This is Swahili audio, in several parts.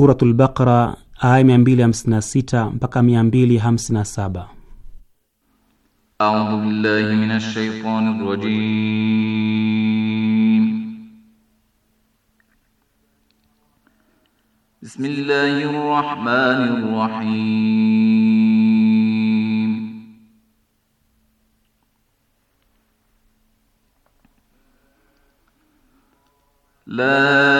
Suratul Baqara aya 256 mpaka 257. A'udhu billahi minash shaitanir rajim. Bismillahir rahmanir rahim. La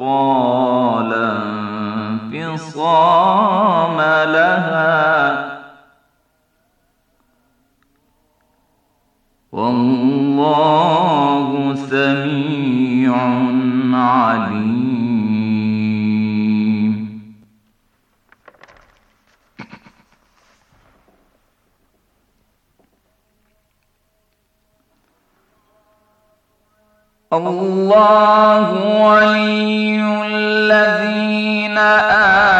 قال انفصام لها والله سميع الله ولي الذين آمنوا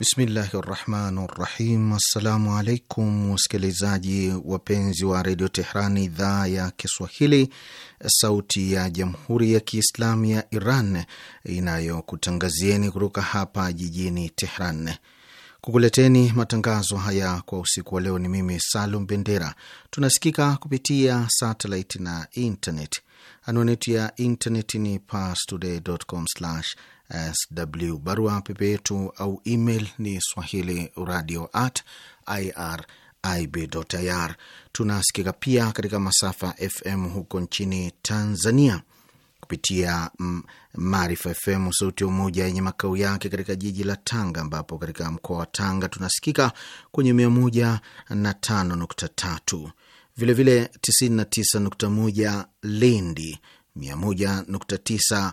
Bismillahi rahmani rahim. Assalamu alaikum wasikilizaji wapenzi wa redio Tehran, idhaa ya Kiswahili, sauti ya jamhuri ya Kiislamu ya Iran inayokutangazieni kutoka hapa jijini Tehran kukuleteni matangazo haya kwa usiku wa leo. Ni mimi Salum Bendera. Tunasikika kupitia satellite na internet. Anwani ya internet ni parstoday.com sw. Barua pepe yetu au email ni swahili radio at irib.ir. Tunasikika pia katika masafa FM huko nchini Tanzania kupitia Maarifa FM sauti ya Umoja yenye makao yake katika jiji la Tanga, ambapo katika mkoa wa Tanga tunasikika kwenye mia moja na tano nukta tatu vilevile tisini na tisa nukta moja Lindi, mia moja nukta tisa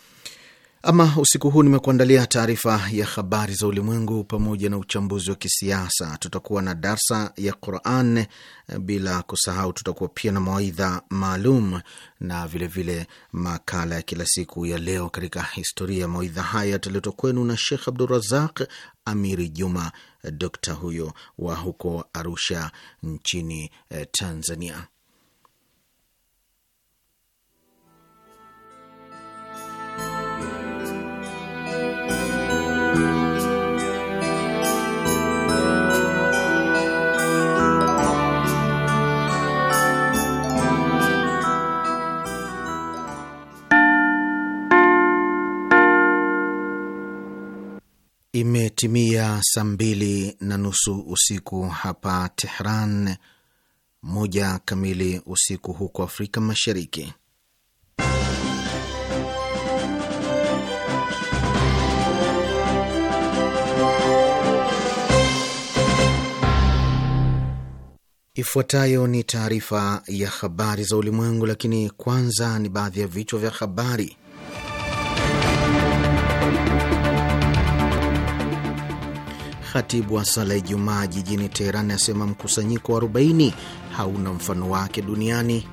Ama usiku huu nimekuandalia taarifa ya habari za ulimwengu pamoja na uchambuzi wa kisiasa. Tutakuwa na darsa ya Quran, eh, bila kusahau tutakuwa pia na mawaidha maalum na vilevile vile makala ya kila siku ya leo katika historia. Mawaidha haya yataletwa kwenu na Shekh Abdurazaq Amiri Juma, dokta huyo wa huko Arusha nchini eh, Tanzania. Imetimia saa mbili na nusu usiku hapa Tehran, moja kamili usiku huko Afrika Mashariki. Ifuatayo ni taarifa ya habari za ulimwengu, lakini kwanza ni baadhi ya vichwa vya habari. Khatibu wa sala Ijumaa jijini Teheran asema mkusanyiko wa 40 hauna mfano wake duniani.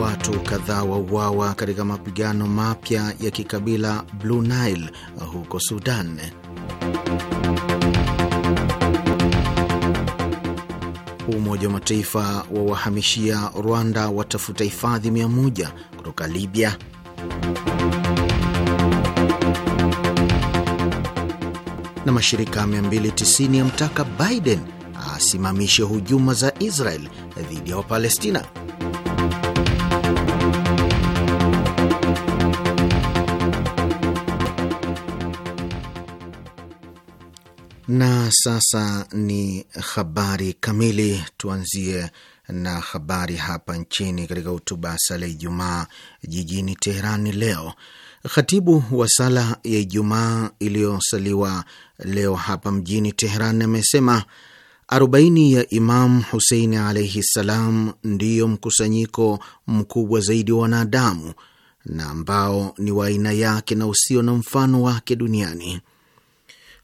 Watu kadhaa wauawa katika mapigano mapya ya kikabila Blue Nile huko Sudan. Umoja wa Mataifa wawahamishia Rwanda watafuta hifadhi 1 kutoka Libya. na mashirika 290 yamtaka Biden asimamishe hujuma za Israel dhidi ya Wapalestina. Na sasa ni habari kamili. Tuanzie na habari hapa nchini. Katika hotuba ya sala Ijumaa jijini Teherani leo Khatibu wa sala ya Ijumaa iliyosaliwa leo hapa mjini Teheran amesema arobaini ya Imam husein alaihi ssalam ndiyo mkusanyiko mkubwa zaidi wa wanadamu na ambao ni wa aina yake na usio na mfano wake duniani.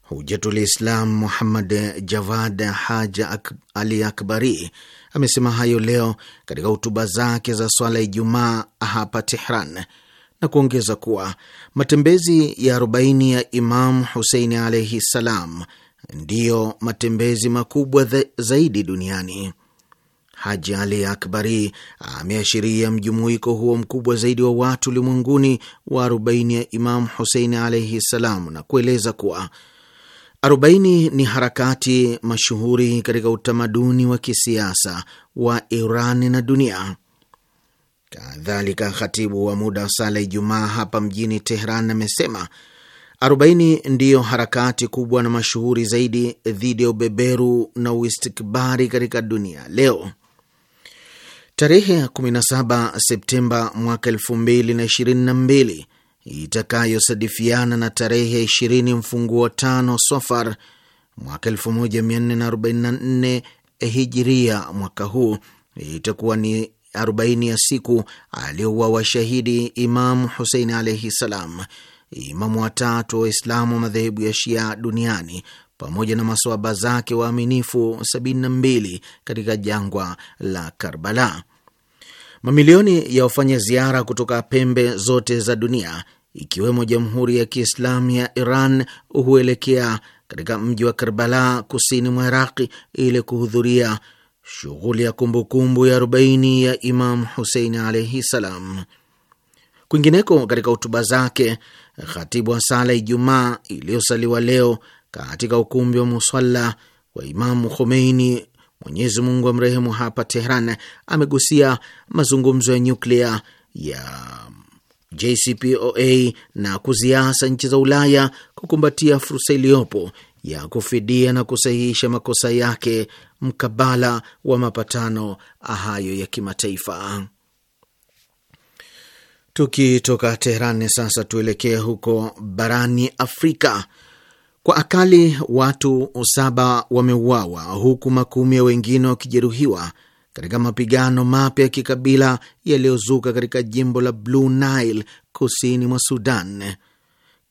Hujatul Islam Muhammad Javad Haj Ali Akbari amesema hayo leo katika hutuba zake za swala ya Ijumaa hapa Tehran na kuongeza kuwa matembezi ya arobaini ya Imam Huseini alaihi ssalam ndiyo matembezi makubwa zaidi duniani. Haji Ali Akbari ameashiria mjumuiko huo mkubwa zaidi wa watu ulimwenguni wa arobaini ya Imam Huseini alaihi ssalam na kueleza kuwa arobaini ni harakati mashuhuri katika utamaduni wa kisiasa wa Iran na dunia. Kadhalika, khatibu wa muda wa sala Ijumaa hapa mjini Tehran amesema arobaini ndiyo harakati kubwa na mashuhuri zaidi dhidi ya ubeberu na uistikbari katika dunia leo. Tarehe ya 17 Septemba mwaka 2022 itakayosadifiana na tarehe 20 mfunguo tano Sofar mwaka 1444 hijiria mwaka huu itakuwa ni arobaini ya siku aliyouawa shahidi Imamu Husein alaihi salam, imamu watatu wa Waislamu wa madhehebu ya Shia duniani pamoja na maswaba zake waaminifu 72 katika jangwa la Karbala. Mamilioni ya wafanya ziara kutoka pembe zote za dunia ikiwemo Jamhuri ya Kiislamu ya Iran huelekea katika mji wa Karbala kusini mwa Iraqi ili kuhudhuria shughuli ya kumbukumbu ya 40 ya Imam Husein alaihi salam. Kwingineko, katika hotuba zake, khatibu wa sala Ijumaa iliyosaliwa leo katika ukumbi wa muswala wa Imamu Khomeini, Mwenyezi Mungu amrehemu, hapa Tehran, amegusia mazungumzo ya nyuklia ya JCPOA na kuziasa nchi za Ulaya kukumbatia fursa iliyopo ya kufidia na kusahihisha makosa yake mkabala wa mapatano hayo ya kimataifa. Tukitoka teheran sasa tuelekee huko barani Afrika. Kwa akali watu saba wameuawa huku makumi ya wengine wakijeruhiwa katika mapigano mapya ya kikabila yaliyozuka katika jimbo la Blue Nile kusini mwa Sudan.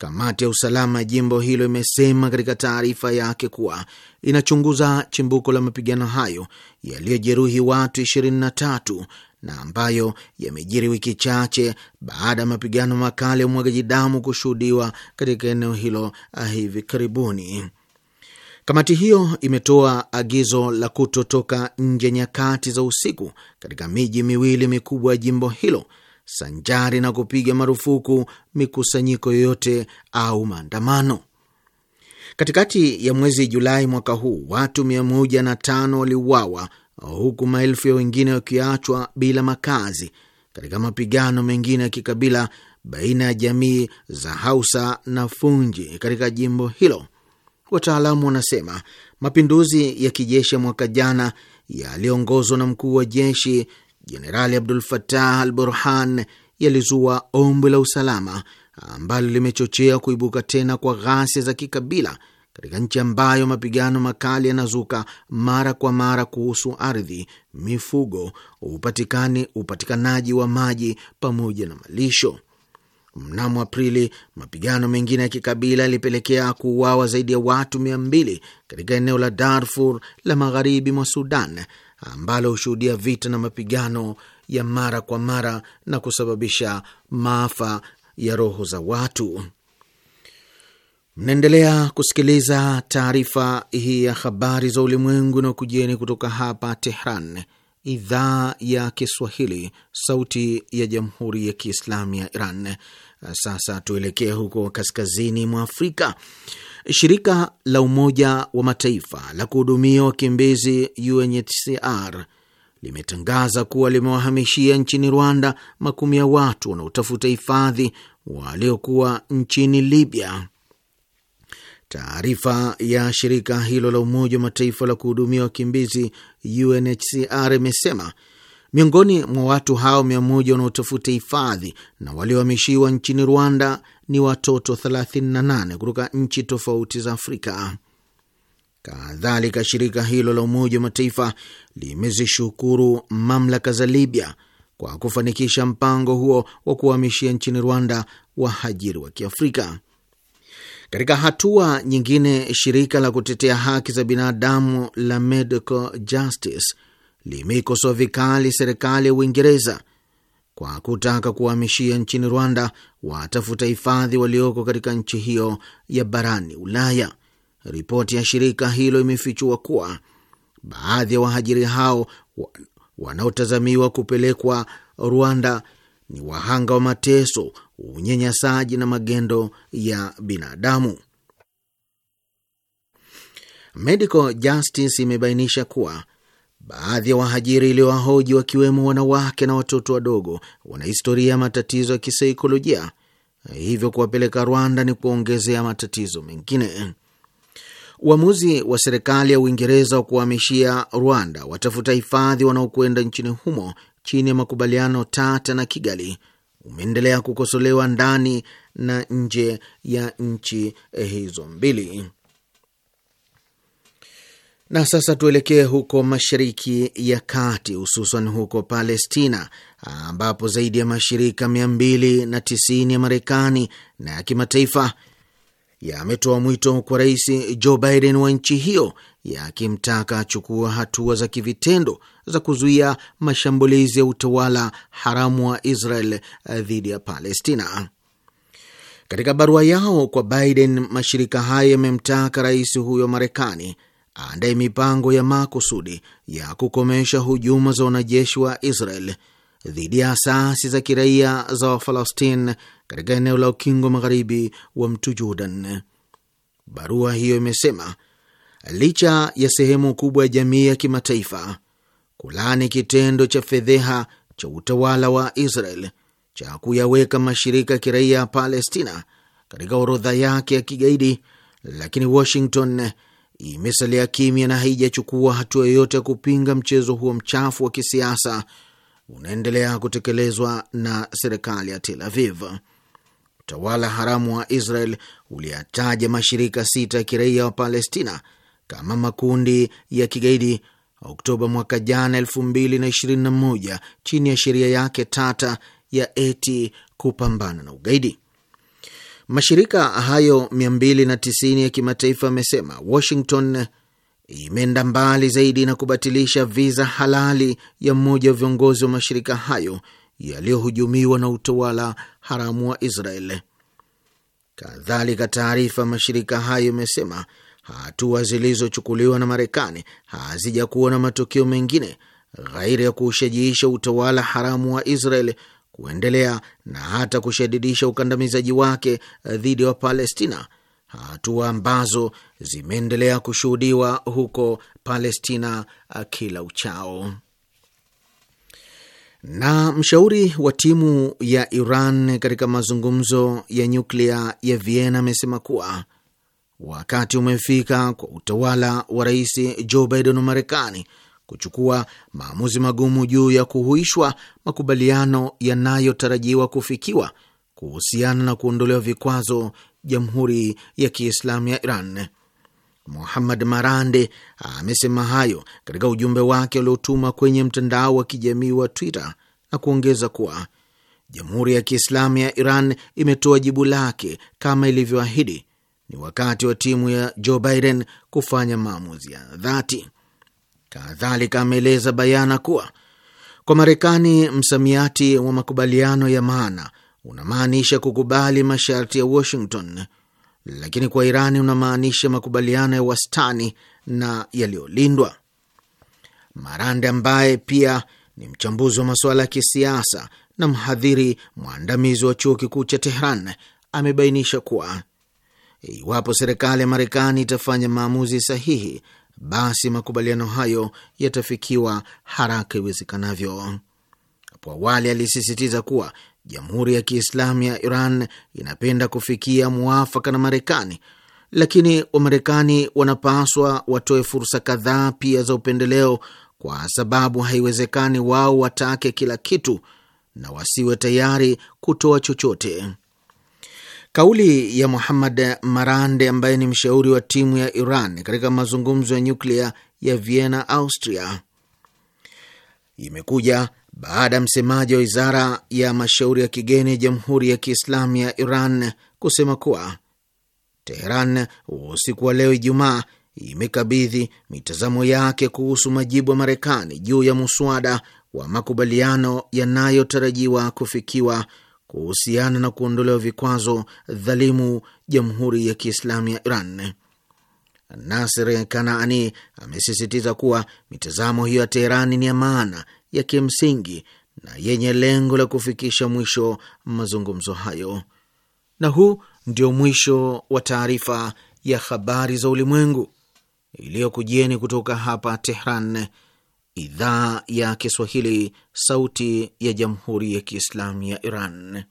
Kamati ya usalama ya jimbo hilo imesema katika taarifa yake kuwa inachunguza chimbuko la mapigano hayo yaliyojeruhi watu 23 na ambayo yamejiri wiki chache baada ya mapigano makali ya umwagaji damu kushuhudiwa katika eneo hilo ah, hivi karibuni. Kamati hiyo imetoa agizo la kutotoka nje nyakati za usiku katika miji miwili mikubwa ya jimbo hilo sanjari na kupiga marufuku mikusanyiko yoyote au maandamano. Katikati ya mwezi Julai mwaka huu watu 105 waliuawa huku maelfu ya wengine wakiachwa bila makazi katika mapigano mengine ya kikabila baina ya jamii za Hausa na Funji katika jimbo hilo. Wataalamu wanasema mapinduzi ya kijeshi ya mwaka jana yaliyoongozwa na mkuu wa jeshi Jenerali Abdul fatah al Burhan yalizua ombwe la usalama ambalo limechochea kuibuka tena kwa ghasia za kikabila katika nchi ambayo mapigano makali yanazuka mara kwa mara kuhusu ardhi, mifugo, upatikani, upatikanaji wa maji pamoja na malisho. Mnamo Aprili, mapigano mengine ya kikabila yalipelekea kuuawa zaidi ya watu mia mbili katika eneo la Darfur la magharibi mwa Sudan ambalo hushuhudia vita na mapigano ya mara kwa mara na kusababisha maafa ya roho za watu. Mnaendelea kusikiliza taarifa hii ya habari za ulimwengu na kujieni kutoka hapa Tehran, idhaa ya Kiswahili, sauti ya jamhuri ya kiislamu ya Iran. Sasa tuelekee huko kaskazini mwa Afrika Shirika la Umoja wa Mataifa la kuhudumia wakimbizi UNHCR limetangaza kuwa limewahamishia nchini Rwanda makumi ya watu wanaotafuta hifadhi waliokuwa nchini Libya. Taarifa ya shirika hilo la Umoja wa Mataifa la kuhudumia wakimbizi UNHCR imesema miongoni mwa watu hao mia moja wanaotafuta hifadhi na waliohamishiwa nchini Rwanda ni watoto 38 kutoka nchi tofauti za Afrika. Kadhalika, shirika hilo la Umoja wa Mataifa limezishukuru mamlaka za Libya kwa kufanikisha mpango huo wa kuhamishia nchini Rwanda wahajiri wa Kiafrika. Katika hatua nyingine, shirika la kutetea haki za binadamu la Medical Justice limeikosoa vikali serikali ya Uingereza kwa kutaka kuwahamishia nchini Rwanda watafuta hifadhi walioko katika nchi hiyo ya barani Ulaya. Ripoti ya shirika hilo imefichua kuwa baadhi ya wahajiri hao wanaotazamiwa kupelekwa Rwanda ni wahanga wa mateso, unyanyasaji na magendo ya binadamu. Medical Justice imebainisha kuwa Baadhi ya wahajiri iliyowahoji wakiwemo wanawake na watoto wadogo wana historia ya matatizo ya kisaikolojia, hivyo kuwapeleka Rwanda ni kuongezea matatizo mengine. Uamuzi wa serikali ya Uingereza wa kuhamishia Rwanda watafuta hifadhi wanaokwenda nchini humo chini ya makubaliano tata na Kigali umeendelea kukosolewa ndani na nje ya nchi hizo mbili. Na sasa tuelekee huko Mashariki ya Kati, hususan huko Palestina, ambapo zaidi ya mashirika 290 ya Marekani na ya kimataifa yametoa mwito kwa Rais Joe Biden wa nchi hiyo, yakimtaka achukua hatua za kivitendo za kuzuia mashambulizi ya utawala haramu wa Israel eh, dhidi ya Palestina. Katika barua yao kwa Biden, mashirika hayo yamemtaka rais huyo Marekani aandaye mipango ya makusudi ya kukomesha hujuma za wanajeshi wa Israel dhidi ya asasi za kiraia za Wafalastine katika eneo la ukingo magharibi wa mto Jordan. Barua hiyo imesema licha ya sehemu kubwa ya jamii ya kimataifa kulani kitendo cha fedheha cha utawala wa Israel cha kuyaweka mashirika ya kiraia ya Palestina katika orodha yake ya kigaidi, lakini Washington imesalia kimya na haijachukua hatua yoyote ya kupinga mchezo huo mchafu wa kisiasa unaendelea kutekelezwa na serikali ya Tel Aviv. Utawala haramu wa Israel uliyataja mashirika sita ya kiraia wa Palestina kama makundi ya kigaidi Oktoba mwaka jana 2021 chini ya sheria yake tata ya eti kupambana na ugaidi. Mashirika hayo 290 ya kimataifa yamesema Washington imeenda mbali zaidi na kubatilisha viza halali ya mmoja wa viongozi wa mashirika hayo yaliyohujumiwa na utawala haramu wa Israel. Kadhalika, taarifa mashirika hayo imesema hatua zilizochukuliwa na Marekani hazijakuwa na matokeo mengine ghairi ya kuushajiisha utawala haramu wa Israel kuendelea na hata kushadidisha ukandamizaji wake dhidi ya Wapalestina, hatua ambazo zimeendelea kushuhudiwa huko Palestina kila uchao. Na mshauri wa timu ya Iran katika mazungumzo ya nyuklia ya Vienna amesema kuwa wakati umefika kwa utawala wa Rais Joe Biden wa Marekani kuchukua maamuzi magumu juu ya kuhuishwa makubaliano yanayotarajiwa kufikiwa kuhusiana na kuondolewa vikwazo Jamhuri ya Kiislamu ya Iran. Muhammad Marande amesema hayo katika ujumbe wake uliotuma kwenye mtandao wa kijamii wa Twitter na kuongeza kuwa Jamhuri ya Kiislamu ya Iran imetoa jibu lake kama ilivyoahidi. Ni wakati wa timu ya Joe Biden kufanya maamuzi ya dhati. Kadhalika ameeleza bayana kuwa kwa Marekani msamiati wa makubaliano ya maana unamaanisha kukubali masharti ya Washington, lakini kwa Irani unamaanisha makubaliano ya wastani na yaliyolindwa. Marande ambaye pia ni mchambuzi wa masuala ya kisiasa na mhadhiri mwandamizi wa chuo kikuu cha Tehran amebainisha kuwa iwapo serikali ya Marekani itafanya maamuzi sahihi basi makubaliano hayo yatafikiwa haraka iwezekanavyo. Hapo awali alisisitiza kuwa Jamhuri ya Kiislamu ya Iran inapenda kufikia mwafaka na Marekani, lakini Wamarekani wanapaswa watoe fursa kadhaa pia za upendeleo, kwa sababu haiwezekani wao watake kila kitu na wasiwe tayari kutoa chochote. Kauli ya Muhammad Marande ambaye ni mshauri wa timu ya Iran katika mazungumzo ya nyuklia ya Vienna, Austria, imekuja baada ya msemaji wa wizara ya mashauri ya kigeni ya Jamhuri ya Kiislamu ya Iran kusema kuwa Teheran usiku wa leo Ijumaa imekabidhi mitazamo yake kuhusu majibu ya Marekani juu ya muswada wa makubaliano yanayotarajiwa kufikiwa kuhusiana na kuondolewa vikwazo dhalimu Jamhuri ya Kiislamu ya Iran. Nasir Kanaani amesisitiza kuwa mitazamo hiyo ya Teherani ni ya maana ya kimsingi na yenye lengo la kufikisha mwisho mazungumzo hayo. Na huu ndio mwisho wa taarifa ya habari za ulimwengu iliyokujieni kutoka hapa Tehran, idhaa ya Kiswahili, sauti ya jamhuri ya kiislamu ya Iran.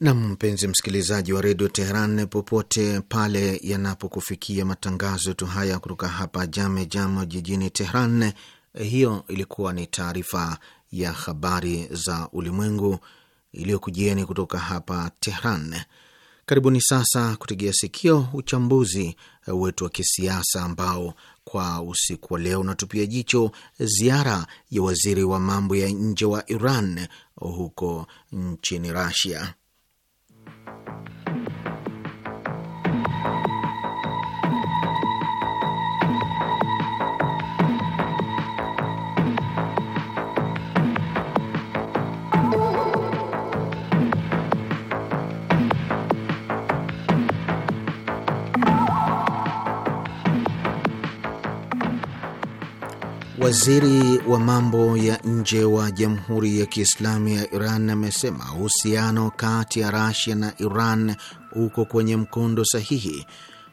Na mpenzi msikilizaji wa redio Teheran, popote pale yanapokufikia matangazo yetu haya kutoka hapa Jame Jam jijini Teheran. Hiyo ilikuwa ni taarifa ya habari za ulimwengu iliyokujieni kutoka hapa Tehran. Karibuni sasa kutegea sikio uchambuzi wetu wa kisiasa ambao kwa usiku wa leo unatupia jicho ziara ya waziri wa mambo ya nje wa Iran huko nchini Rasia. Waziri wa mambo ya nje wa Jamhuri ya Kiislamu ya Iran amesema uhusiano kati ya Rasia na Iran uko kwenye mkondo sahihi,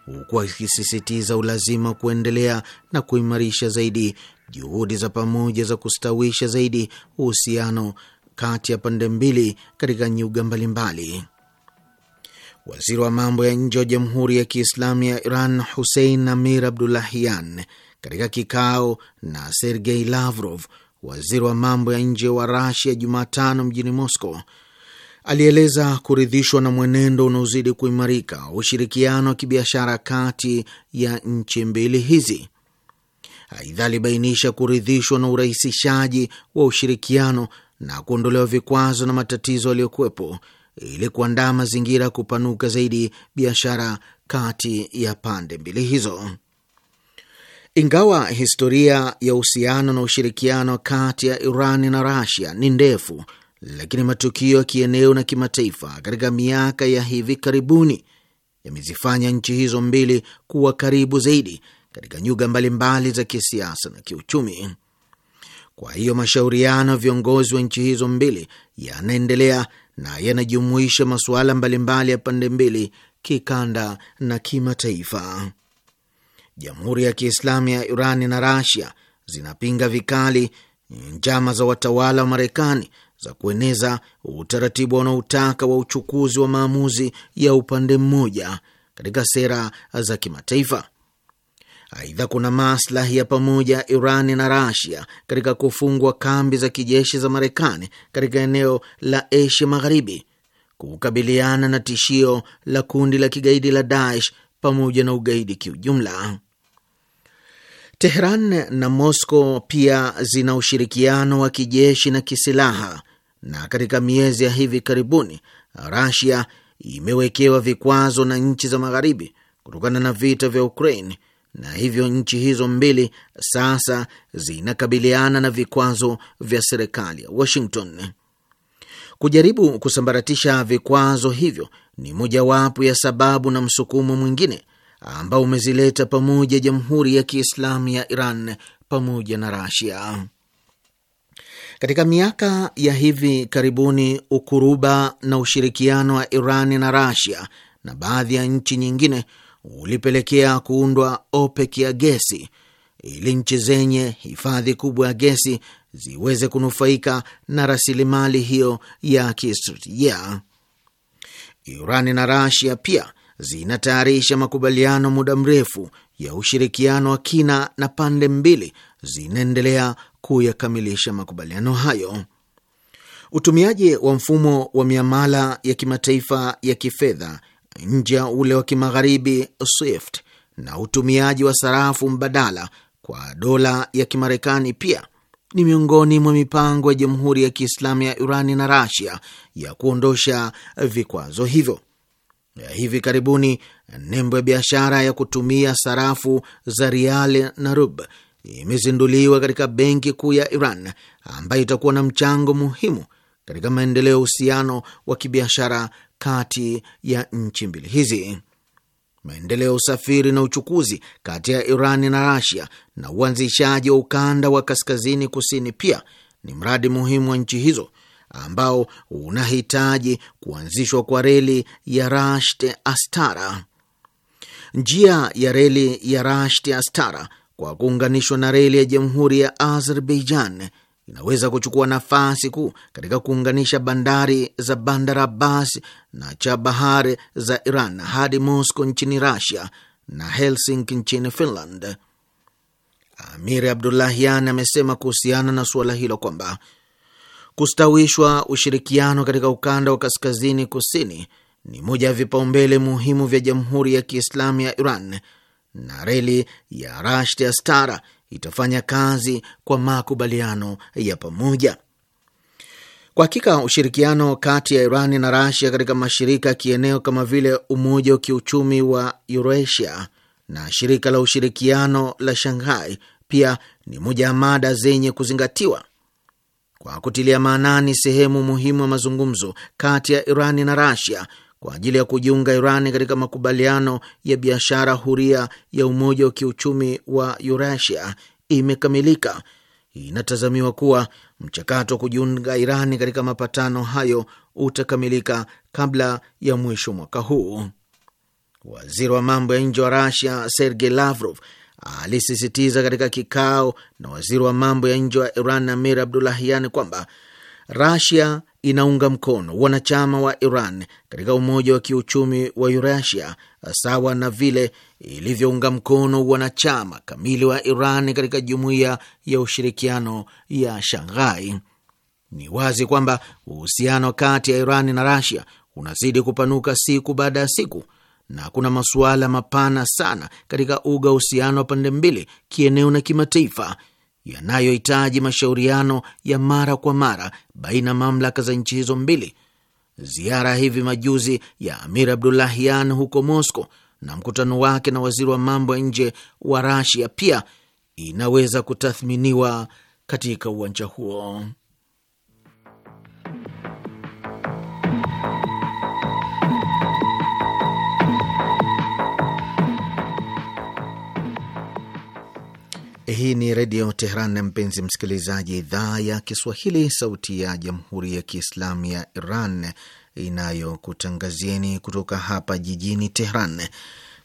huku akisisitiza ulazima wa kuendelea na kuimarisha zaidi juhudi za pamoja za kustawisha zaidi uhusiano kati ya pande mbili katika nyuga mbalimbali. Waziri wa mambo ya nje wa Jamhuri ya Kiislamu ya Iran Hussein Amir Abdullahian katika kikao na Sergei Lavrov, waziri wa mambo ya nje wa Rasia, Jumatano mjini Moscow, alieleza kuridhishwa na mwenendo unaozidi kuimarika wa ushirikiano wa kibiashara kati ya nchi mbili hizi. Aidha, alibainisha kuridhishwa na urahisishaji wa ushirikiano na kuondolewa vikwazo na matatizo yaliyokuwepo ili kuandaa mazingira ya kupanuka zaidi biashara kati ya pande mbili hizo. Ingawa historia ya uhusiano na ushirikiano kati ya Iran na Rasia ni ndefu, lakini matukio ya kieneo na kimataifa katika miaka ya hivi karibuni yamezifanya nchi hizo mbili kuwa karibu zaidi katika nyuga mbalimbali za kisiasa na kiuchumi. Kwa hiyo mashauriano ya viongozi wa nchi hizo mbili yanaendelea na yanajumuisha masuala mbalimbali ya pande mbili, kikanda na kimataifa. Jamhuri ya Kiislamu ya Irani na Rasia zinapinga vikali njama za watawala wa Marekani za kueneza utaratibu wanaotaka wa uchukuzi wa maamuzi ya upande mmoja katika sera za kimataifa. Aidha, kuna maslahi ya pamoja Irani na Rasia katika kufungwa kambi za kijeshi za Marekani katika eneo la Asia Magharibi kukabiliana na tishio la kundi la kigaidi la Daesh pamoja na ugaidi kiujumla. Tehran na Moscow pia zina ushirikiano wa kijeshi na kisilaha, na katika miezi ya hivi karibuni Rasia imewekewa vikwazo na nchi za magharibi kutokana na vita vya Ukraine, na hivyo nchi hizo mbili sasa zinakabiliana na vikwazo vya serikali ya Washington. Kujaribu kusambaratisha vikwazo hivyo ni mojawapo ya sababu na msukumo mwingine ambao umezileta pamoja Jamhuri ya Kiislamu ya Iran pamoja na Rasia. Katika miaka ya hivi karibuni, ukuruba na ushirikiano wa Iran na Rasia na baadhi ya nchi nyingine ulipelekea kuundwa OPEC ya gesi ili nchi zenye hifadhi kubwa ya gesi ziweze kunufaika na rasilimali hiyo ya kistratejia. iran na Rasia pia zinatayarisha makubaliano muda mrefu ya ushirikiano wa kina na pande mbili zinaendelea kuyakamilisha makubaliano hayo. Utumiaji wa mfumo wa miamala ya kimataifa ya kifedha nje ya ule wa kimagharibi SWIFT na utumiaji wa sarafu mbadala kwa dola ya Kimarekani pia ni miongoni mwa mipango ya Jamhuri ya Kiislamu ya Irani na Rasia ya kuondosha vikwazo hivyo ya Hivi karibuni nembo ya biashara ya kutumia sarafu za rial na rub imezinduliwa katika Benki Kuu ya Iran ambayo itakuwa na mchango muhimu katika maendeleo ya uhusiano wa kibiashara kati ya nchi mbili hizi. Maendeleo ya usafiri na uchukuzi kati ya Iran na Rasia na uanzishaji wa ukanda wa kaskazini kusini pia ni mradi muhimu wa nchi hizo ambao unahitaji kuanzishwa kwa reli ya Rasht Astara. Njia ya reli ya Rasht Astara kwa kuunganishwa na reli ya Jamhuri ya Azerbaijan inaweza kuchukua nafasi kuu katika kuunganisha bandari za Bandar Abbas na Chabahar za Iran hadi Moscow nchini rusia na Helsinki nchini Finland. Amir Abdullahian amesema kuhusiana na suala hilo kwamba Kustawishwa ushirikiano katika ukanda wa kaskazini kusini ni moja ya vipaumbele muhimu vya Jamhuri ya Kiislamu ya Iran na reli ya Rasht ya Stara itafanya kazi kwa makubaliano ya pamoja. Kwa hakika ushirikiano kati ya Iran na Rasia katika mashirika ya kieneo kama vile Umoja wa Kiuchumi wa Eurasia na Shirika la Ushirikiano la Shanghai pia ni moja ya mada zenye kuzingatiwa kwa kutilia maanani sehemu muhimu ya mazungumzo kati ya Irani na Rasia kwa ajili ya kujiunga Irani katika makubaliano ya biashara huria ya Umoja wa Kiuchumi wa Urasia imekamilika. Inatazamiwa kuwa mchakato wa kujiunga Irani katika mapatano hayo utakamilika kabla ya mwisho mwaka huu. Waziri wa mambo ya nje wa Rasia Sergei Lavrov alisisitiza katika kikao na waziri wa mambo ya nje wa Iran Amir Abdulahian kwamba Rasia inaunga mkono wanachama wa Iran katika umoja wa kiuchumi wa Urasia sawa na vile ilivyounga mkono wanachama kamili wa Iran katika jumuiya ya ushirikiano ya Shanghai. Ni wazi kwamba uhusiano kati ya Iran na Rasia unazidi kupanuka siku baada ya siku na kuna masuala mapana sana katika uga uhusiano wa pande mbili, kieneo na kimataifa, yanayohitaji mashauriano ya mara kwa mara baina ya mamlaka za nchi hizo mbili. Ziara hivi majuzi ya Amir Abdullahian huko Moscow na mkutano wake na waziri wa mambo ya nje wa Rasia pia inaweza kutathminiwa katika uwanja huo. Hii ni Redio Teheran na mpenzi msikilizaji, idhaa ya Kiswahili, sauti ya jamhuri ya kiislamu ya Iran inayokutangazieni kutoka hapa jijini Teheran.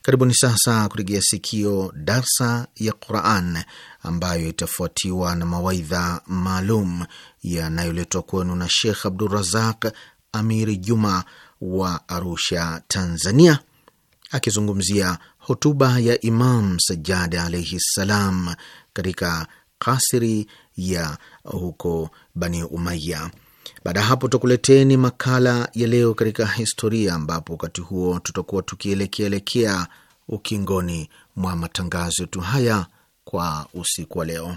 Karibuni sasa kurigia sikio darsa ya Quran ambayo itafuatiwa na mawaidha maalum yanayoletwa kwenu na Shekh Abdurazaq Amiri Juma wa Arusha, Tanzania, akizungumzia hotuba ya Imam Sajjad alaihi ssalam katika kasri ya huko Bani Umaya. Baada ya hapo, tutakuleteni makala ya leo katika historia, ambapo wakati huo tutakuwa tukielekeelekea ukingoni mwa matangazo yetu haya kwa usiku wa leo.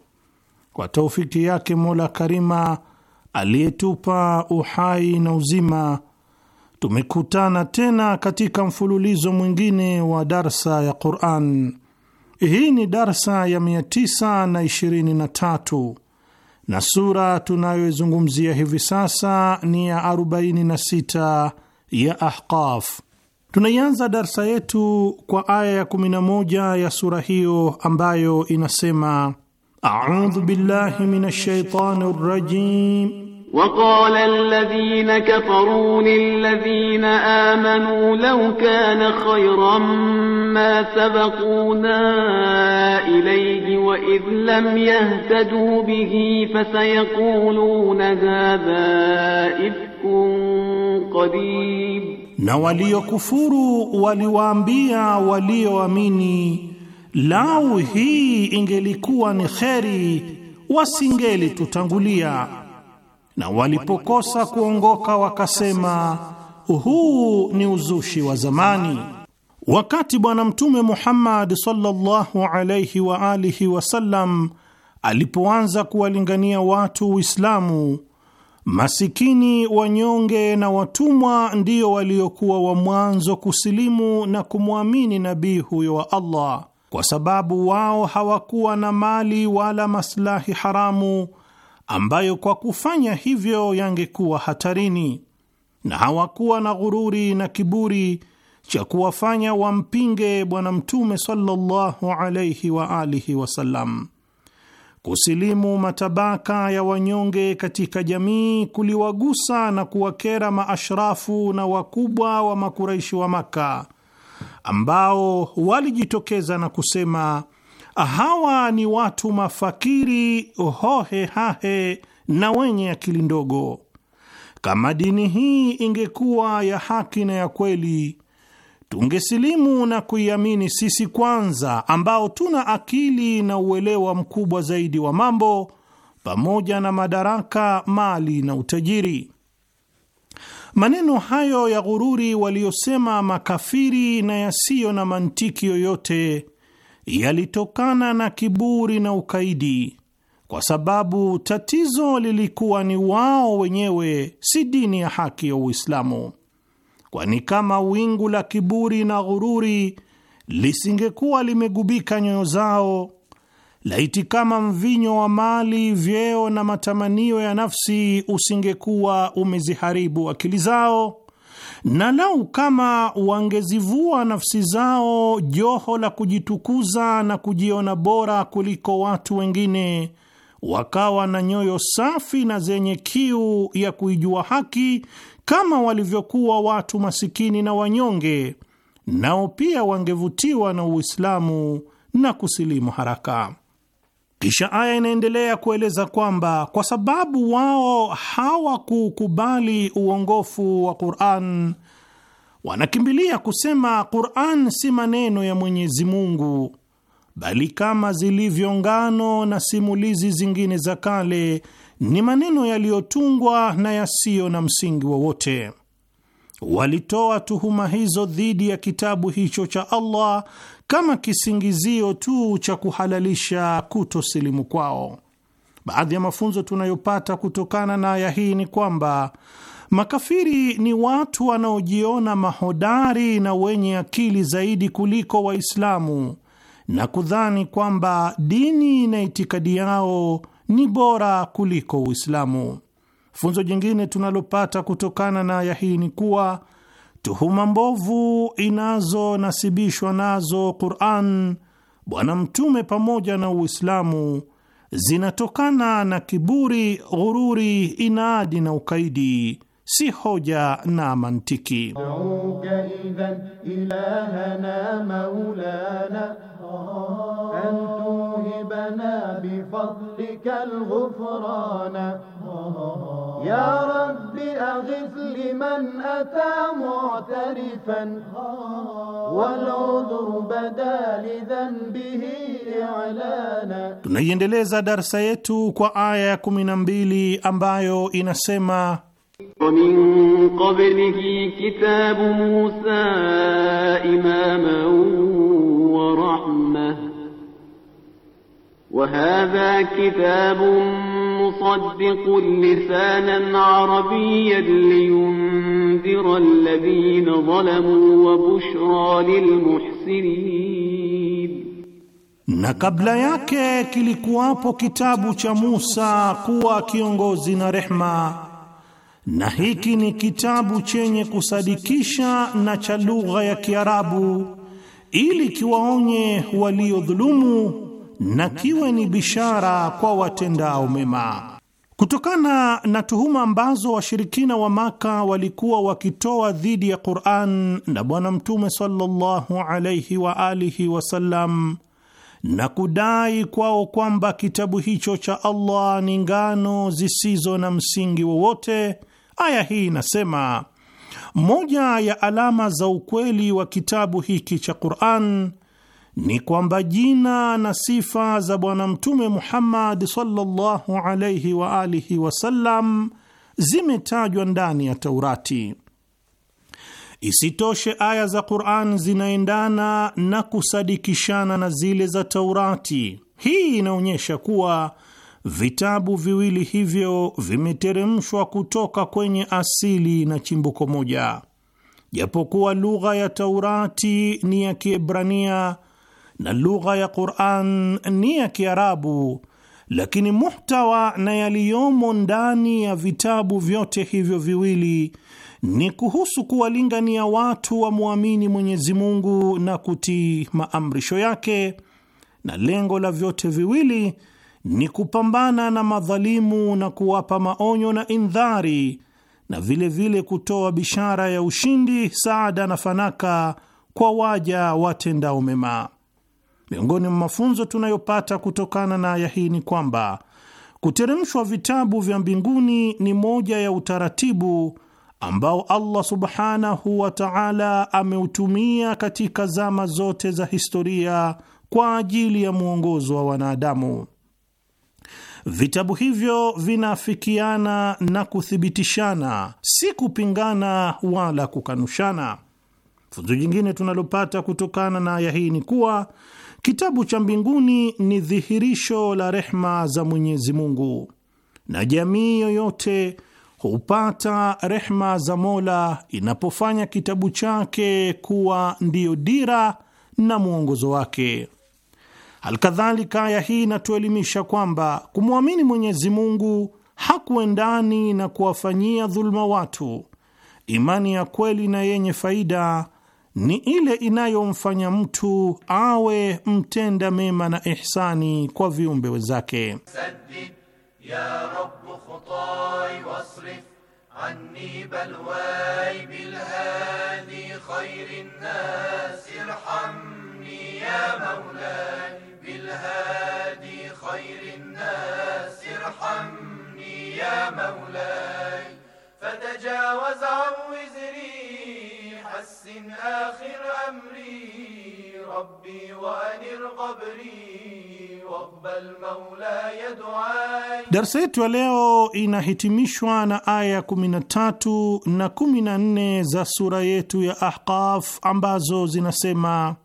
kwa taufiki yake Mola Karima aliyetupa uhai na uzima, tumekutana tena katika mfululizo mwingine wa darsa ya Quran. Hii ni darsa ya 923 na sura tunayoizungumzia hivi sasa ni ya 46 ya Ahqaf. Tunaianza darsa yetu kwa aya ya 11 ya sura hiyo ambayo inasema أعوذ بالله من الشيطان الرجيم وقال الذين كفروا للذين آمنوا لو كان خيرا ما سبقونا إليه وإذ لم يهتدوا به فسيقولون هذا إفك قديم na كفروا waliwaambia walioamini lau hii ingelikuwa ni kheri wasingelitutangulia, na walipokosa kuongoka wakasema huu ni uzushi wa zamani. Wakati Bwana Mtume Muhammad sallallahu alayhi wa alihi wasallam alipoanza kuwalingania watu Uislamu, masikini, wanyonge na watumwa ndio waliokuwa wa mwanzo kusilimu na kumwamini nabii huyo wa Allah kwa sababu wao hawakuwa na mali wala maslahi haramu ambayo kwa kufanya hivyo yangekuwa hatarini, na hawakuwa na ghururi na kiburi cha kuwafanya wampinge Bwana Mtume sallallahu alaihi wa alihi wasallam. Kusilimu matabaka ya wanyonge katika jamii kuliwagusa na kuwakera maashrafu na wakubwa wa Makuraishi wa Maka ambao walijitokeza na kusema hawa ni watu mafakiri hohe hahe na wenye akili ndogo. Kama dini hii ingekuwa ya haki na ya kweli, tungesilimu na kuiamini sisi kwanza, ambao tuna akili na uelewa mkubwa zaidi wa mambo, pamoja na madaraka, mali na utajiri. Maneno hayo ya ghururi waliyosema makafiri na yasiyo na mantiki yoyote yalitokana na kiburi na ukaidi, kwa sababu tatizo lilikuwa ni wao wenyewe, si dini ya haki ya Uislamu. Kwani kama wingu la kiburi na ghururi lisingekuwa limegubika nyoyo zao Laiti kama mvinyo wa mali, vyeo na matamanio ya nafsi usingekuwa umeziharibu akili zao, na lau kama wangezivua nafsi zao joho la kujitukuza na kujiona bora kuliko watu wengine, wakawa na nyoyo safi na zenye kiu ya kuijua haki kama walivyokuwa watu masikini na wanyonge, nao pia wangevutiwa na Uislamu na kusilimu haraka. Kisha aya inaendelea kueleza kwamba kwa sababu wao hawakukubali uongofu wa Qur'an, wanakimbilia kusema Qur'an si maneno ya Mwenyezi Mungu, bali kama zilivyo ngano na simulizi zingine za kale, ni maneno yaliyotungwa na yasiyo na msingi wowote walitoa tuhuma hizo dhidi ya kitabu hicho cha Allah kama kisingizio tu cha kuhalalisha kutosilimu kwao. Baadhi ya mafunzo tunayopata kutokana na aya hii ni kwamba makafiri ni watu wanaojiona mahodari na wenye akili zaidi kuliko Waislamu na kudhani kwamba dini na itikadi yao ni bora kuliko Uislamu. Funzo jingine tunalopata kutokana na aya hii ni kuwa tuhuma mbovu inazonasibishwa nazo Qur'an, Bwana Mtume pamoja na Uislamu zinatokana na kiburi, ghururi, inadi na ukaidi si hoja na mantiki. Tunaiendeleza darsa yetu kwa aya ya kumi na mbili ambayo inasema ومن قبله كتاب موسى إماما ورحمة وهذا كتاب مصدق لسانا عربيا لينذر الذين ظلموا وبشرى للمحسنين na kabla yake kilikuwapo kitabu cha Musa kuwa kiongozi na rehma na hiki ni kitabu chenye kusadikisha na cha lugha ya Kiarabu ili kiwaonye waliodhulumu na kiwe ni bishara kwa watendao mema. Kutokana na tuhuma ambazo washirikina wa Maka walikuwa wakitoa dhidi ya Qur'an na Bwana Mtume sallallahu alayhi wa alihi wasallam na kudai kwao kwamba kitabu hicho cha Allah ni ngano zisizo na msingi wowote Aya hii inasema moja ya alama za ukweli wa kitabu hiki cha Qur'an ni kwamba jina na sifa za Bwana Mtume Muhammad sallallahu alayhi wa alihi wasallam zimetajwa ndani ya Taurati. Isitoshe, aya za Qur'an zinaendana na kusadikishana na zile za Taurati. Hii inaonyesha kuwa Vitabu viwili hivyo vimeteremshwa kutoka kwenye asili na chimbuko moja, japokuwa lugha ya Taurati ni ya Kiebrania na lugha ya Qur'an ni ya Kiarabu, lakini muhtawa na yaliyomo ndani ya vitabu vyote hivyo viwili ni kuhusu kuwalingania watu wamwamini Mwenyezi Mungu na kutii maamrisho yake, na lengo la vyote viwili ni kupambana na madhalimu na kuwapa maonyo na indhari na vilevile vile kutoa bishara ya ushindi, saada na fanaka kwa waja watendao mema. Miongoni mwa mafunzo tunayopata kutokana na aya hii ni kwamba kuteremshwa vitabu vya mbinguni ni moja ya utaratibu ambao Allah subhanahu wa ta'ala ameutumia katika zama zote za historia kwa ajili ya mwongozo wa wanadamu. Vitabu hivyo vinaafikiana na kuthibitishana, si kupingana wala kukanushana. Funzo jingine tunalopata kutokana na aya hii ni kuwa kitabu cha mbinguni ni dhihirisho la rehma za Mwenyezi Mungu, na jamii yoyote hupata rehma za Mola inapofanya kitabu chake kuwa ndiyo dira na mwongozo wake. Alkadhalika, aya hii inatuelimisha kwamba kumwamini Mwenyezi Mungu hakuendani na kuwafanyia dhuluma watu. Imani ya kweli na yenye faida ni ile inayomfanya mtu awe mtenda mema na ihsani kwa viumbe wenzake. بالهادي خير الناس ارحمني يا مولاي فتجاوز عن وزري حسن آخر أمري ربي وأنر قبري واقبل مولاي leo inahitimishwa na aya 13 na 14 za sura yetu ya Ahqaf ambazo zinasema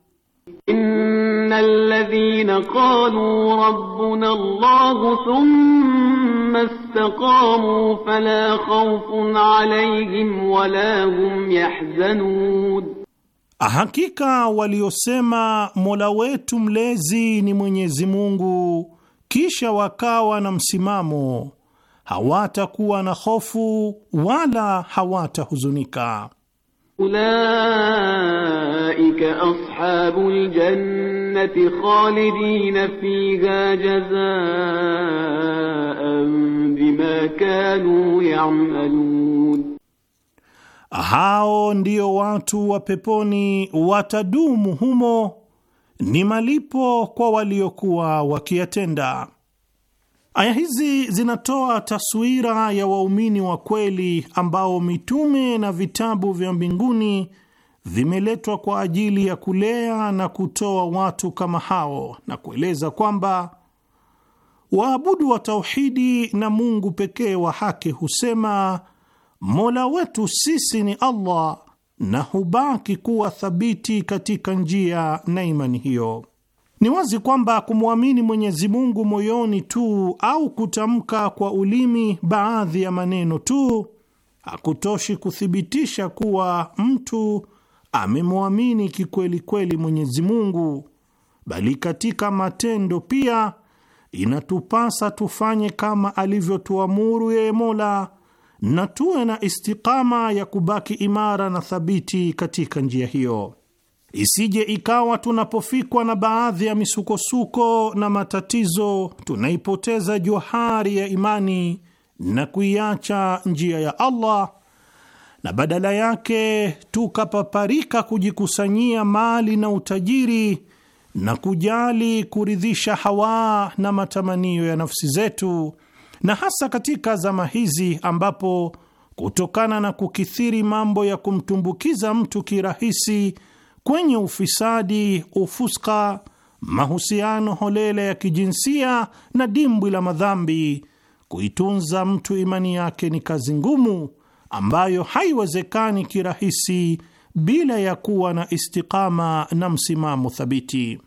إن الذين قالوا ربنا الله ثم استقاموا فلا خوف عليهم ولا هم يحزنون Hakika waliosema Mola wetu mlezi ni Mwenyezi Mungu, kisha wakawa na msimamo, hawatakuwa na hofu wala hawatahuzunika. Ulaika ashabul jannati khalidina fiha jazaan bima kanu ya'malun, hao ndio watu wa peponi watadumu humo, ni malipo kwa waliokuwa wakiyatenda. Aya hizi zinatoa taswira ya waumini wa kweli ambao mitume na vitabu vya mbinguni vimeletwa kwa ajili ya kulea na kutoa watu kama hao, na kueleza kwamba waabudu wa tauhidi na Mungu pekee wa haki husema Mola wetu sisi ni Allah na hubaki kuwa thabiti katika njia na imani hiyo. Ni wazi kwamba kumwamini Mwenyezi Mungu moyoni tu au kutamka kwa ulimi baadhi ya maneno tu hakutoshi kuthibitisha kuwa mtu amemwamini kikwelikweli Mwenyezi Mungu, bali katika matendo pia inatupasa tufanye kama alivyotuamuru yeye Mola na tuwe na istikama ya kubaki imara na thabiti katika njia hiyo isije ikawa tunapofikwa na baadhi ya misukosuko na matatizo tunaipoteza johari ya imani na kuiacha njia ya Allah na badala yake tukapaparika kujikusanyia mali na utajiri na kujali kuridhisha hawa na matamanio ya nafsi zetu, na hasa katika zama hizi ambapo kutokana na kukithiri mambo ya kumtumbukiza mtu kirahisi kwenye ufisadi, ufuska, mahusiano holela ya kijinsia na dimbwi la madhambi, kuitunza mtu imani yake ni kazi ngumu ambayo haiwezekani kirahisi bila ya kuwa na istikama na msimamo thabiti.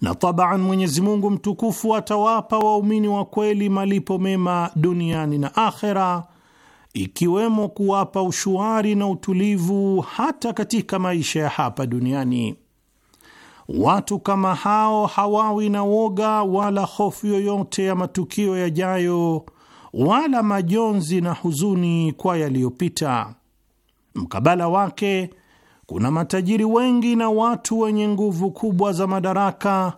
Na tabaan, Mwenyezi Mungu mtukufu atawapa waumini wa kweli malipo mema duniani na akhera ikiwemo kuwapa ushuari na utulivu hata katika maisha ya hapa duniani. Watu kama hao hawawi na woga wala hofu yoyote ya matukio yajayo wala majonzi na huzuni kwa yaliyopita. Mkabala wake kuna matajiri wengi na watu wenye nguvu kubwa za madaraka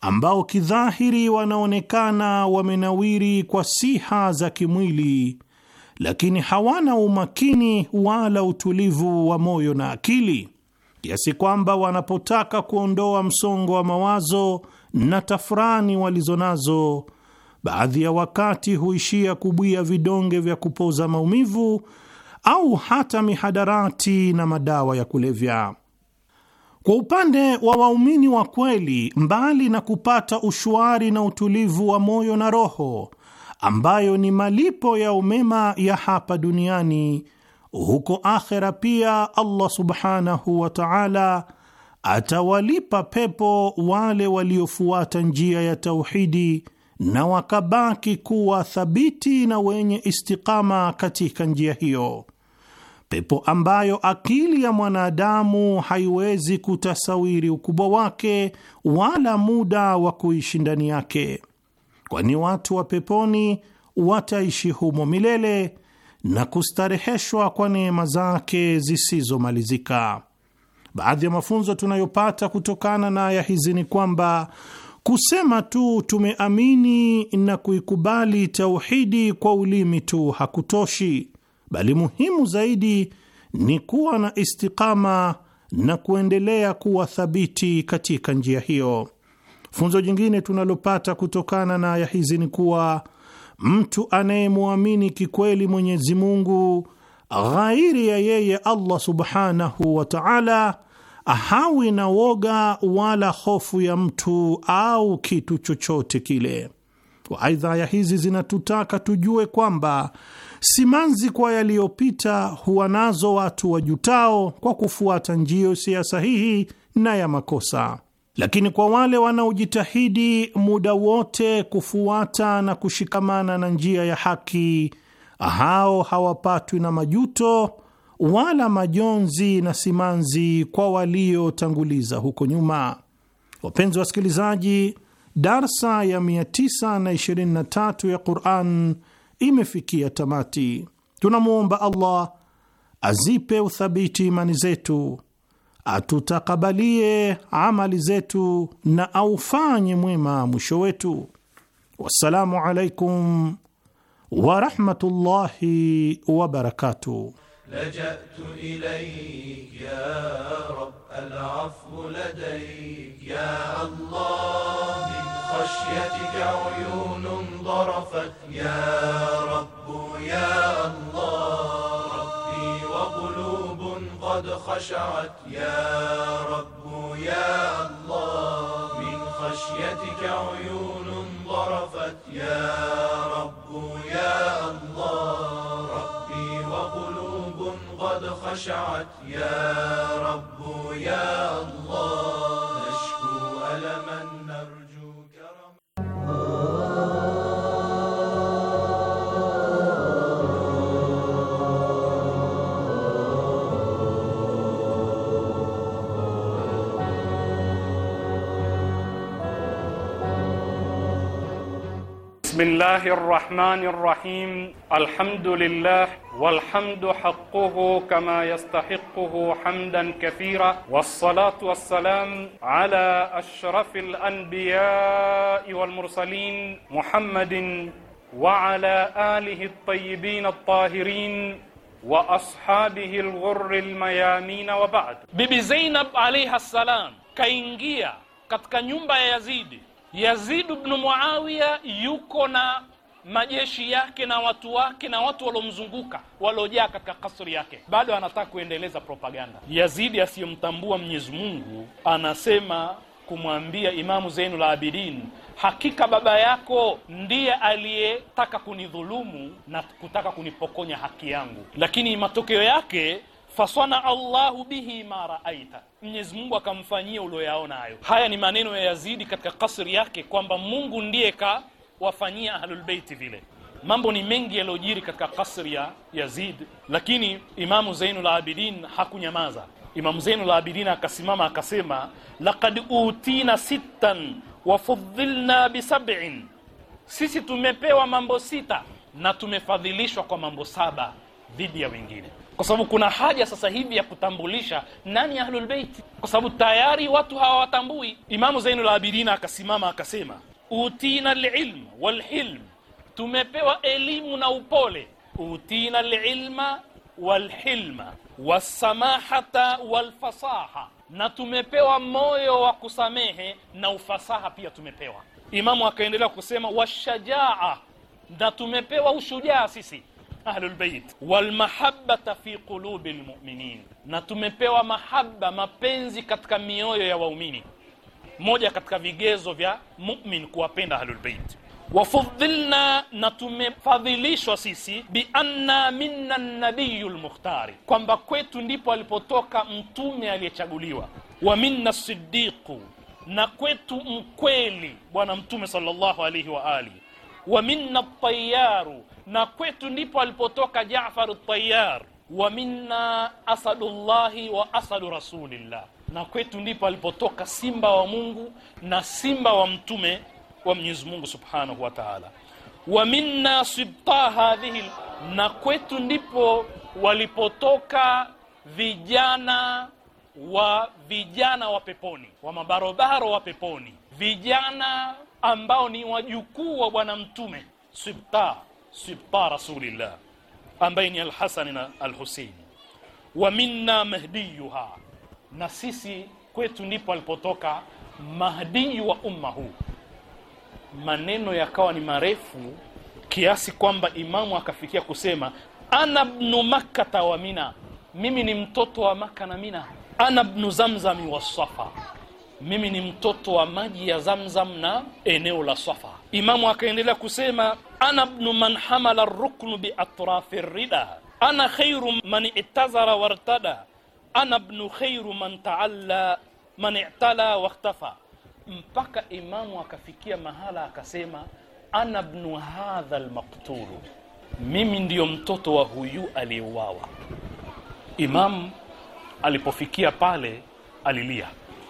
ambao kidhahiri wanaonekana wamenawiri kwa siha za kimwili lakini hawana umakini wala utulivu wa moyo na akili, kiasi kwamba wanapotaka kuondoa msongo wa mawazo na tafurani walizo nazo, baadhi ya wakati huishia kubwia vidonge vya kupoza maumivu au hata mihadarati na madawa ya kulevya. Kwa upande wa waumini wa kweli, mbali na kupata ushwari na utulivu wa moyo na roho ambayo ni malipo ya umema ya hapa duniani, huko akhera pia Allah subhanahu wa ta'ala atawalipa pepo wale waliofuata njia ya tauhidi na wakabaki kuwa thabiti na wenye istikama katika njia hiyo, pepo ambayo akili ya mwanadamu haiwezi kutasawiri ukubwa wake wala muda wa kuishi ndani yake kwani watu wa peponi wataishi humo milele na kustareheshwa kwa neema zake zisizomalizika. Baadhi ya mafunzo tunayopata kutokana na aya hizi ni kwamba kusema tu tumeamini na kuikubali tauhidi kwa ulimi tu hakutoshi, bali muhimu zaidi ni kuwa na istikama na kuendelea kuwa thabiti katika njia hiyo. Funzo jingine tunalopata kutokana na aya hizi ni kuwa mtu anayemwamini kikweli Mwenyezi Mungu ghairi ya yeye Allah subhanahu wa ta'ala hawi na woga wala hofu ya mtu au kitu chochote kile. Aidha, aya hizi zinatutaka tujue kwamba simanzi kwa yaliyopita huwa nazo watu wajutao kwa kufuata njio si ya sahihi na ya makosa. Lakini kwa wale wanaojitahidi muda wote kufuata na kushikamana na njia ya haki, hao hawapatwi na majuto wala majonzi na simanzi kwa waliotanguliza huko nyuma. Wapenzi wasikilizaji, darsa ya 923 ya Quran imefikia tamati. Tunamwomba Allah azipe uthabiti imani zetu atutakabalie amali zetu na aufanye mwema mwisho wetu. Wassalamu alaikum warahmatullahi wabarakatuh. قد خشعت يا رب يا الله من خشيتك عيون ضرفت يا رب يا الله ربي وقلوب قد خشعت يا رب يا الله الله الرحمن الرحيم الحمد لله والحمد حقه كما يستحقه حمدا كثيرا والصلاة والسلام على أشرف الأنبياء والمرسلين محمد وعلى آله الطيبين الطاهرين وأصحابه الغر الميامين وبعد بيبي زينب عليها السلام كينجيا katika nyumba ya Yazidi Yazid ibn Muawiya yuko na majeshi yake na watu wake na watu waliomzunguka waliojaa katika kasri yake, bado anataka kuendeleza propaganda. Yazidi asiyemtambua Mwenyezi Mungu anasema kumwambia Imamu Zainul Abidin, hakika baba yako ndiye aliyetaka kunidhulumu na kutaka kunipokonya haki yangu, lakini matokeo yake fasana Allahu bihi ma raaita, Mwenyezi Mungu akamfanyia ulioyaona hayo. Haya ni maneno ya Yazidi katika kasri yake kwamba Mungu ndiye kawafanyia ahlulbeiti vile. Mambo ni mengi yaliyojiri katika kasri ya Yazid, lakini Imamu Zainul Abidin hakunyamaza. Imamu Zainul Abidin akasimama akasema, laqad utina sittan wafuddhilna bisab'in, sisi tumepewa mambo sita na tumefadhilishwa kwa mambo saba dhidi ya wengine kwa sababu kuna haja sasa hivi ya kutambulisha nani ahlul bait, kwa sababu tayari watu hawawatambui. Imamu Zainul Abidin akasimama akasema, utina lilm walhilm, tumepewa elimu na upole. Utina lilma walhilma wasamahata walfasaha, na tumepewa moyo wa kusamehe na ufasaha pia tumepewa. Imamu akaendelea kusema washajaa, na tumepewa ushujaa sisi ahlul bait fi qulubi lmuminin na tumepewa mahaba mapenzi katika mioyo ya waumini, moja katika vigezo vya mu'min kuwapenda ahlul bait wafudhilna na tumefadhilishwa sisi bianna minna nabiyu lmukhtari, kwamba kwetu ndipo alipotoka mtume aliyechaguliwa. Wa minna sidiqu, na kwetu mkweli bwana mtume sallallahu alaihi wa alihi. Wa minna tayaru, na kwetu ndipo alipotoka Jaafar at-Tayyar wa minna asadullahi wa asadu rasulillah, na kwetu ndipo alipotoka simba wa Mungu na simba wa mtume wa Mwenyezi Mungu subhanahu wa ta'ala. Wa minna sibta hadhihi, na kwetu ndipo walipotoka vijana wa vijana wa peponi, wa mabarobaro wa peponi, vijana ambao ni wajukuu wa bwana mtume sibta sibta rasulillah ambaye ni alhasani na alhuseini wa minna mahdiyuha na sisi kwetu ndipo alipotoka mahdi wa umma huu maneno yakawa ni marefu kiasi kwamba imamu akafikia kusema ana bnu makkata wa mina mimi ni mtoto wa maka na mina ana bnu zamzami wa safa mimi ni mtoto wa maji ya zamzam na eneo la safa Imamu akaendelea kusema ana bnu man hamala ruknu bi atrafi rida ana khairu man itazara wartada ana bnu khairu man taalla man i'tala wakhtafa, mpaka imamu akafikia mahala akasema ana bnu hadha lmaktulu mimi ndiyo mtoto wa huyu aliyeuawa. Imamu alipofikia pale alilia,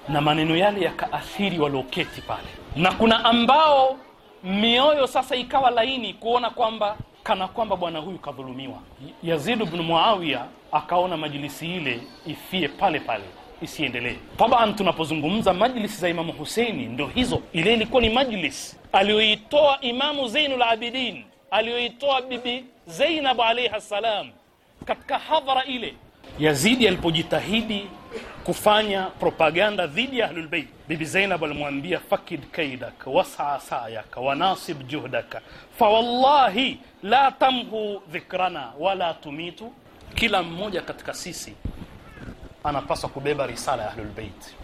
na maneno yale yakaathiri walioketi pale, na kuna ambao mioyo sasa ikawa laini kuona kwamba kana kwamba bwana huyu kadhulumiwa. Yazid bnu Muawiya akaona majlisi ile ifie pale pale isiendelee. Taban, tunapozungumza majlisi za Imamu Huseini ndo hizo. Ile ilikuwa ni majlisi aliyoitoa Imamu Zainul Abidin, aliyoitoa Bibi zeinabu alaihi ssalam katika hadhara ile Yazidi alipojitahidi kufanya propaganda dhidi ya Ahlulbeit, Bibi Zainab alimwambia fakid kaidak wasaa sayaka wanasib juhdaka fawallahi la tamhu dhikrana wala tumitu. Kila mmoja katika sisi anapaswa kubeba risala ya Ahlulbeit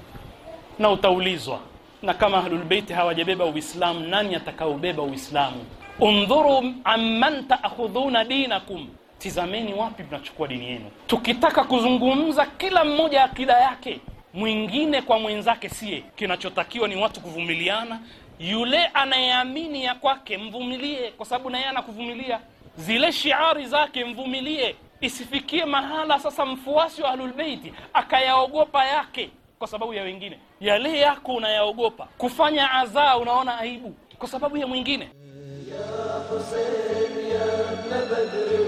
na utaulizwa, na kama Ahlulbeiti hawajabeba Uislamu, nani atakaobeba Uislamu? undhuru amman taakhudhuna dinakum tizameni wapi mnachukua dini yenu. Tukitaka kuzungumza kila mmoja akida yake mwingine kwa mwenzake siye, kinachotakiwa ni watu kuvumiliana. Yule anayeamini ya kwake mvumilie, kwa sababu naye anakuvumilia. Zile shiari zake mvumilie, isifikie mahala sasa mfuasi wa Ahlulbeiti akayaogopa yake kwa sababu ya wengine. Yale yako unayaogopa kufanya, adhaa unaona aibu kwa sababu ya mwingine ya ya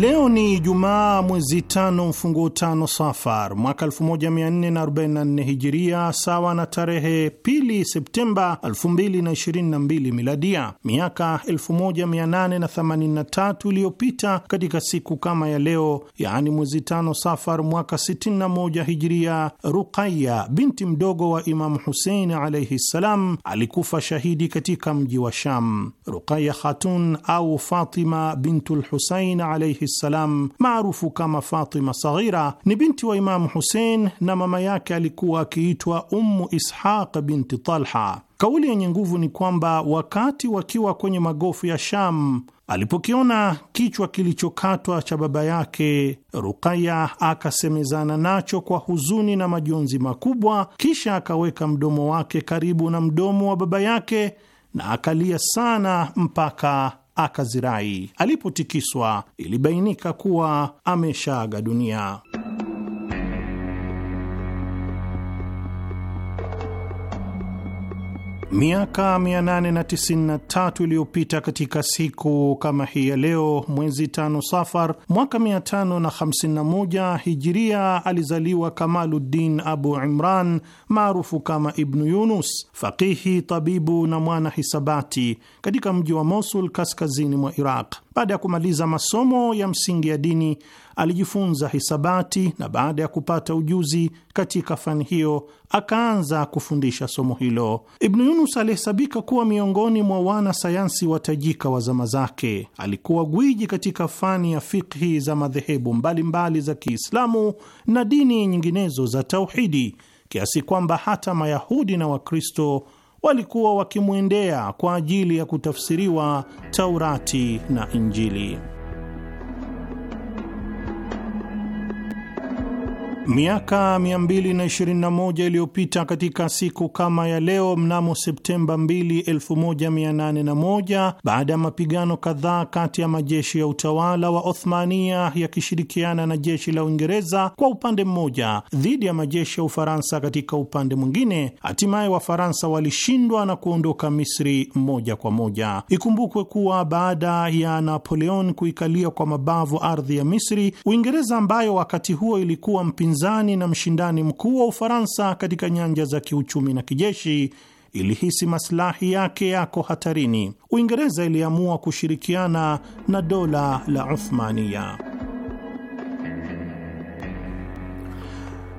Leo ni Jumaa, mwezi tano mfungo tano Safar mwaka 1444 Hijiria, sawa na tarehe pili Septemba 2022 Miladia. Miaka 1883 iliyopita katika siku kama ya leo, yaani mwezi tano Safar mwaka 61 Hijiria, Ruqaya binti mdogo wa Imamu Husein alaihi ssalam alikufa shahidi katika mji wa Sham. Ruqaya Khatun au Fatima bintu Lhusein alaihi alaihi ssalam, maarufu kama Fatima Saghira, ni binti wa Imamu Husein na mama yake alikuwa akiitwa Ummu Ishaq binti Talha. Kauli yenye nguvu ni kwamba wakati wakiwa kwenye magofu ya Sham, alipokiona kichwa kilichokatwa cha baba yake, Ruqaya akasemezana nacho kwa huzuni na majonzi makubwa, kisha akaweka mdomo wake karibu na mdomo wa baba yake na akalia sana mpaka akazirai. Alipotikiswa ilibainika kuwa ameshaaga dunia. Miaka 893 iliyopita katika siku kama hii ya leo, mwezi tano Safar mwaka 551 Hijiria, alizaliwa Kamaluddin Abu Imran maarufu kama Ibnu Yunus, faqihi tabibu na mwana hisabati katika mji wa Mosul kaskazini mwa Iraq. Baada ya kumaliza masomo ya msingi ya dini alijifunza hisabati na baada ya kupata ujuzi katika fani hiyo akaanza kufundisha somo hilo. ibnu Yunus alihesabika kuwa miongoni mwa wanasayansi watajika wa zama zake. Alikuwa gwiji katika fani ya fikhi za madhehebu mbalimbali za Kiislamu na dini nyinginezo za tauhidi, kiasi kwamba hata Mayahudi na Wakristo walikuwa wakimwendea kwa ajili ya kutafsiriwa Taurati na Injili. Miaka 221 iliyopita katika siku kama ya leo, mnamo Septemba 2, 1801, baada ya mapigano kadhaa kati ya majeshi ya utawala wa Othmania yakishirikiana na jeshi la Uingereza kwa upande mmoja dhidi ya majeshi ya Ufaransa katika upande mwingine, hatimaye Wafaransa walishindwa na kuondoka Misri moja kwa moja. Ikumbukwe kuwa baada ya Napoleon kuikalia kwa mabavu ardhi ya Misri, Uingereza ambayo wakati huo ilikuwa mpinzani mpinzani na mshindani mkuu wa Ufaransa katika nyanja za kiuchumi na kijeshi ilihisi maslahi yake yako hatarini, Uingereza iliamua kushirikiana na dola la Uthmania.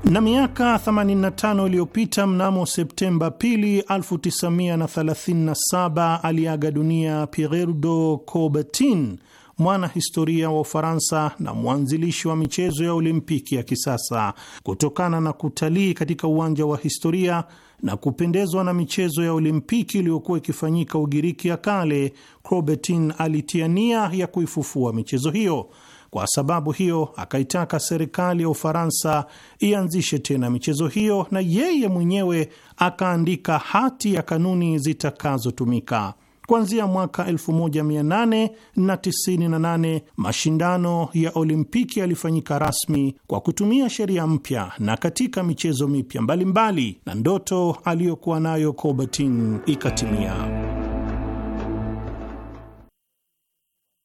Na miaka 85 iliyopita, mnamo Septemba 2, 1937 aliaga dunia Pierre de Coubertin mwanahistoria wa Ufaransa na mwanzilishi wa michezo ya Olimpiki ya kisasa kutokana na kutalii katika uwanja wa historia na kupendezwa na michezo ya Olimpiki iliyokuwa ikifanyika Ugiriki ya kale, Coubertin alitia nia ya kuifufua michezo hiyo. Kwa sababu hiyo akaitaka serikali ya Ufaransa ianzishe tena michezo hiyo, na yeye mwenyewe akaandika hati ya kanuni zitakazotumika. Kuanzia mwaka 1898 mashindano ya Olimpiki yalifanyika rasmi kwa kutumia sheria mpya na katika michezo mipya mbalimbali, na ndoto aliyokuwa nayo cobertin ikatimia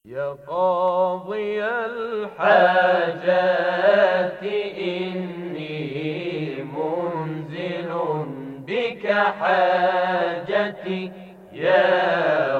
ya Yeah.